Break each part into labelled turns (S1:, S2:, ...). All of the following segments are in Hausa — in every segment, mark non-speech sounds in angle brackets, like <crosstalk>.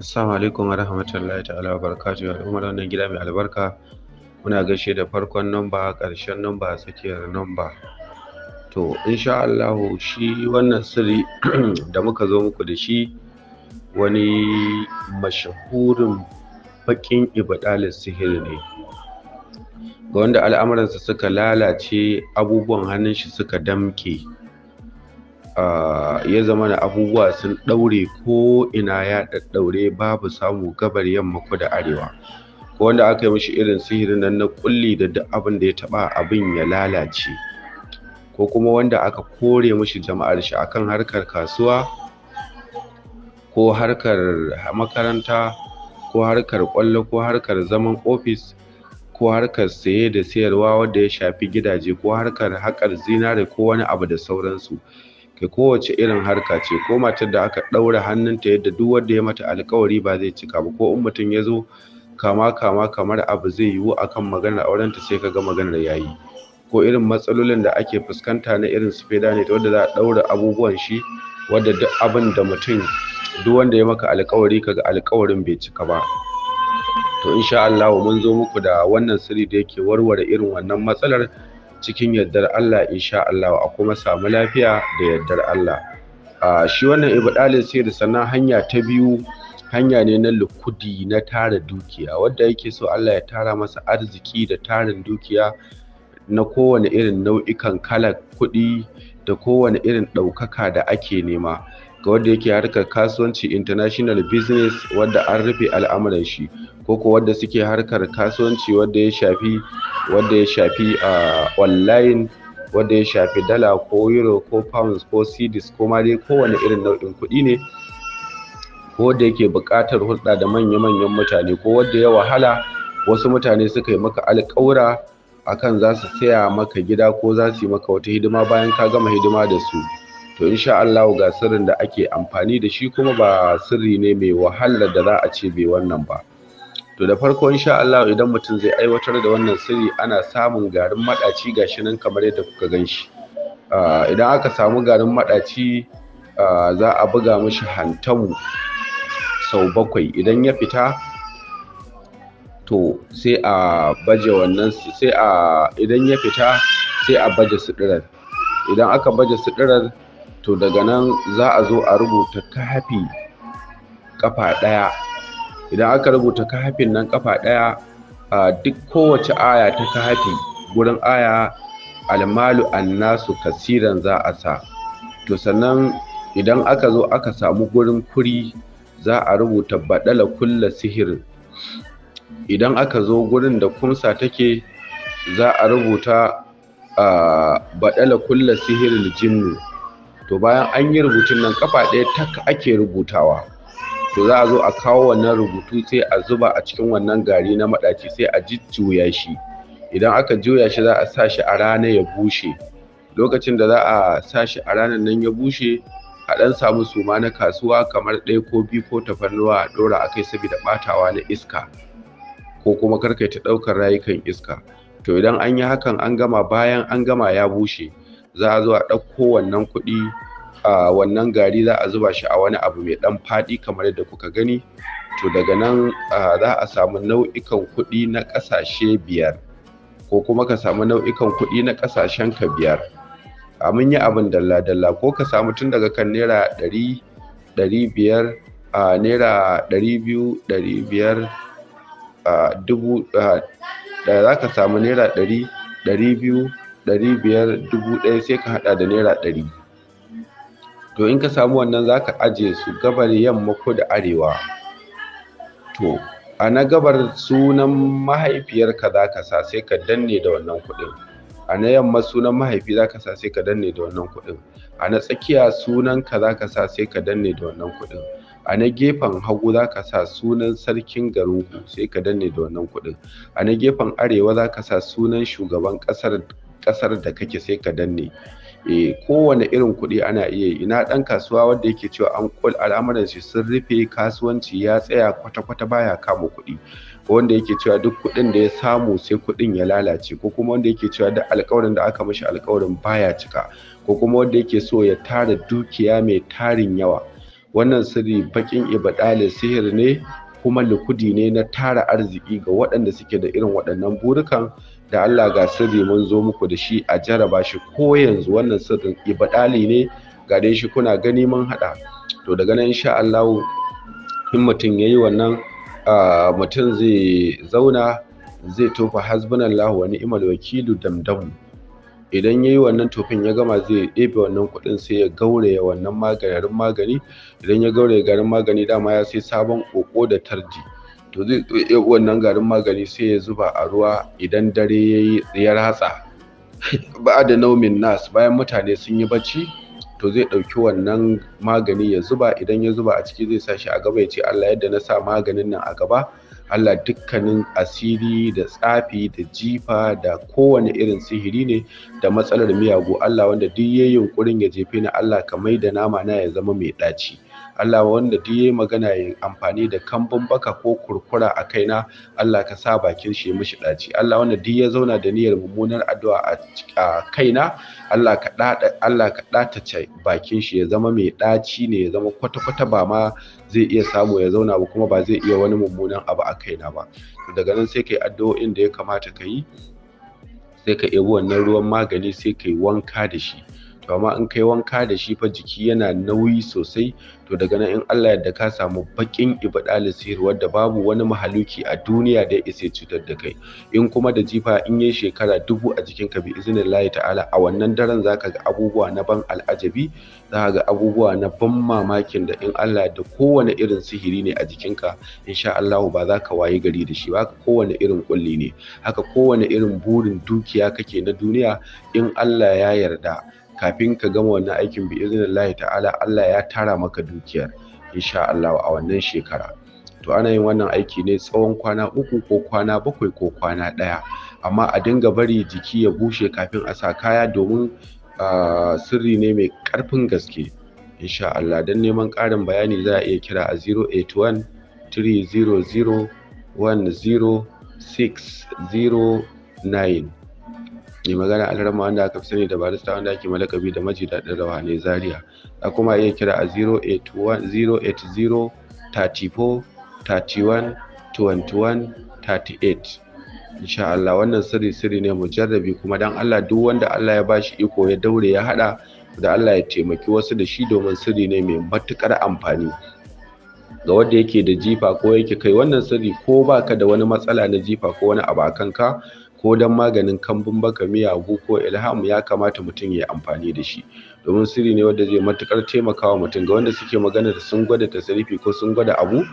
S1: Assalamu alaikum wa rahmatullahi ta'ala wa wa al'ummar wannan gida mai albarka muna gaishe da farkon namba ƙarshen namba tsakiyar namba to insha Allahu shi wannan sirri <clears throat> da muka zo muku da shi wani mashahurin baƙin ibadalin sihiri ne ga wanda al'amuransa suka lalace abubuwan hannun shi suka damke ya zama na abubuwa sun ɗaure ko ina ya ɗaɗɗaure babu samu gabar yamma ko da arewa ko wanda aka yi mishi irin sihirin nan na kulli da duk abin da ya taɓa abin ya lalace ko kuma wanda aka kore mishi jama'ar shi akan harkar kasuwa ko harkar makaranta ko harkar ƙwallo ko harkar zaman ofis ko harkar saye da sayarwa wadda ya shafi gidaje ko harkar haƙar zinare ko wani abu da sauransu kai kowace irin harka ce ko matar da aka ɗaura hannunta yadda duk wanda ya mata alƙawari ba zai cika ba ko in mutum ya zo kama kama kamar abu zai yiwu akan maganar aurenta sai ka ga maganar yayi ko irin matsalolin da ake fuskanta na irin su feda ne wanda za a ɗaura abubuwan shi wanda duk abin da mutum duk wanda ya maka alƙawari kaga alƙawarin bai cika ba to insha Allah mun zo muku da wannan sirri da yake warware irin wannan matsalar cikin yardar Allah insha Allah a kuma samu lafiya da yardar Allah a shi wannan ibadalin sai da sannan hanya ta biyu hanya ne na lukudi na tara dukiya wanda yake so Allah ya tara masa arziki da tarin dukiya na kowane irin nau'ikan kalar kuɗi da kowane irin ɗaukaka da ake nema ga wanda yake harkar kasuwanci international business wadda an rufe al'amuran shi ko wadda suke harkar kasuwanci wadda ya shafi wadda ya shafi a ah, online wadda ya shafi dala ko euro ko pounds ko cedis ko ma dai kowane irin nau'in kuɗi ne ko wadda yake buƙatar hulɗa da manya-manyan mutane ko wadda ya wahala wasu mutane suka yi maka alƙawura akan za su saya maka gida ko za su yi maka wata hidima bayan ka gama hidima da su to insha Allah ga sirrin da ake amfani da shi kuma ba sirri ne mai wahala da za a ce bai wannan ba to da farko insha Allah idan mutum zai aiwatar da wannan sirri ana samun garin maɗaci gashi nan kamar yadda kuka gan shi idan aka samu garin maɗaci za a buga mishi hantamu sau bakwai idan ya fita to sai a baje wannan sai a idan ya fita sai a baje suɗirar idan aka baje suɗirar to daga nan za a zo a rubuta kafi kafa ɗaya idan aka rubuta kahafin nan kafa ɗaya a duk kowace aya ta kahafi gurin aya almalu annasu kasiran za a sa to sannan idan aka zo aka samu gurin kuri za a rubuta baɗala kulla sihirin idan aka zo gurin da kunsa take za a rubuta a baɗala kulla sihirin jinnu to bayan an yi rubutun nan kafa ɗaya tak ake rubutawa to za a zo a kawo wannan rubutu sai a zuba a cikin wannan gari na maɗaci sai a jujjuya shi idan aka juya shi za a sa shi a rana ya bushe lokacin da za a sa shi a ranar nan ya bushe a ɗan samu suma na kasuwa kamar ɗaya ko biyu ko tafarnuwa a ɗora a kai saboda ɓatawa na iska ko kuma karkaita ta ɗaukar rayukan iska to idan an yi hakan an gama bayan an gama ya bushe za a zo a ɗauko wannan kuɗi wannan gari za a zuba shi a wani abu mai ɗan faɗi kamar yadda kuka gani to daga nan za a samu nau'ikan kuɗi na ƙasashe biyar ko kuma ka samu nau'ikan kuɗi na ƙasashen ka biyar a mun yi abin dalla-dalla ko ka samu tun daga kan naira ɗari ɗari biyar a naira ɗari biyu ɗari biyar a dubu da za ka samu naira ɗari ɗari biyu ɗari biyar dubu ɗaya sai ka haɗa da naira ɗari to in ka samu wannan za ka ajiye su gabar yamma da arewa to a na gabar sunan mahaifiyarka za ka sa sai ka danne da wannan kuɗin a na yamma sunan mahaifi za ka sa sai ka danne da wannan kuɗin a na tsakiya sunanka za ka sa sai ka danne da wannan kuɗin a na gefen hagu za ka sa sunan sarkin garinku sai ka danne da wannan kuɗin a na gefen arewa za ka sa sunan shugaban ƙasar da kake sai ka danne Eh, kowane irin kuɗi ana iya yi ina ɗan kasuwa wanda yake cewa an kul al'amuran shi sun rufe kasuwanci ya tsaya kwata-kwata baya kama kuɗi wanda yake cewa duk kuɗin da ya samu sai kuɗin ya lalace ko kuma wanda yake cewa duk alƙawarin da aka mashi alƙawarin baya cika ko kuma wanda yake so ya tara dukiya mai tarin yawa wannan sirri baƙin ibadalin sihir ne kuma likudi ne na tara arziki ga waɗanda suke da irin waɗannan burikan? da Allah ga sirri mun zo muku da shi a jaraba shi ko yanzu wannan sirrin ibadali ne ga dai shi kuna gani mun haɗa. to daga nan insha Allah in mutum yayi wannan mutum zai zauna zai tofa hasbunallahu wani ni'mal wakilu damdamu idan ya yi wannan tofin ya gama zai ɗebe wannan kuɗin sai ya gauraya wannan maganin magani idan ya gauraya garin magani dama ya sai sabon ƙoƙo da tarji to zai wannan garin magani sai ya zuba a ruwa idan dare ya yi ya ratsa <laughs> ba da naumin nas bayan mutane sun yi bacci to zai ɗauki wannan magani ya zuba idan ya zuba a ciki zai sa shi a gaba ya ce Allah yadda na sa maganin nan a gaba Allah dukkanin asiri da tsafi da jifa da kowane irin sihiri ne da matsalar miyagu Allah wanda duk yayi yunkurin ya jefe ni Allah ka maida nama na ya zama mai ɗaci Allah wanda duk yayi magana ya amfani da kambun baka ko kurkura a kaina Allah ka sa bakin shi mishi ɗaci Allah wanda duk ya zauna da niyyar mummunar addu'a a kaina Allah ka ɗata Allah ka bakin shi ya zama mai ɗaci ne ya zama kwata-kwata ba ma zai iya samu ya zauna ba kuma ba zai iya wani mummunan abu a kaina ba to daga nan sai kai addu'o'in da ya kamata ka yi sai ka ebi wannan ruwan magani sai kai wanka da shi to amma in kai wanka da shi fa jiki yana nauyi sosai to daga nan in Allah yadda ka samu bakin ibadalin sihir wadda babu wani mahaluki a duniya da ya isa cutar da kai in kuma da jifa in yi shekara dubu a jikin ka bi izinin Allah. ta'ala a wannan daren zaka ga abubuwa na ban al'ajabi zaka ga abubuwa na ban mamakin da in Allah da kowane irin sihiri ne a jikin ka insha Allah ba za ka wayi gari da shi ba ka kowane irin kulli ne haka kowane irin burin dukiya kake na duniya in Allah ya yarda kafin ka gama wannan aikin bi iznillahi ta'ala Allah ya tara maka dukiyar insha Allah a wannan shekara to ana yin wannan aiki ne tsawon kwana uku ko kwana bakwai ko kwana ɗaya amma a dinga bari jiki ya bushe kafin a sa kaya domin uh, sirri ne mai ƙarfin gaske insha Allah don neman ƙarin bayani za a iya kira a 081 300 1060 mai magana alarma wanda aka fi sani da barista wanda ake malakabi da maji daɗin ne zaria a kuma iya kira a 080 34 insha Allah wannan sirri sirri ne jarrabi kuma dan Allah duk wanda Allah ya bashi iko ya daure ya hada da Allah ya taimaki wasu da shi domin sirri ne mai matukar amfani ga wanda yake da jifa ko yake kai wannan sirri ko baka da wani matsala na jifa ko wani abu a ko dan maganin kambun baka miyagu ko ilham ya kamata mutum ya amfani da shi domin sirri ne wanda zai matukar taimakawa mutum ga wanda suke magana da sun gwada tasarifi ko sun gwada abu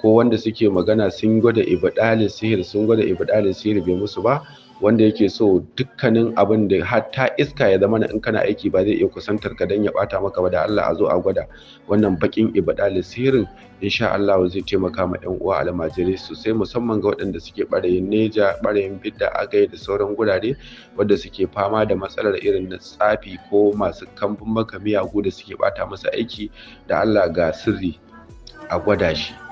S1: ko wanda suke magana sun gwada ibadalin sihir sun gwada ibadalin sihir bai musu ba wanda yake so dukkanin abin da hatta iska ya zama in kana aiki ba zai iya kusantar ka dan ya bata maka ba da Allah a zo a gwada wannan bakin ibadali sihirin insha Allah zai taimaka ma 'yan uwa almajirai sosai musamman ga waɗanda suke barayin neja barayin bidda agai da sauran gurare wanda suke fama da matsalar irin na tsafi ko masu kambun maka miyagu da suke bata masa aiki da Allah ga sirri a gwada shi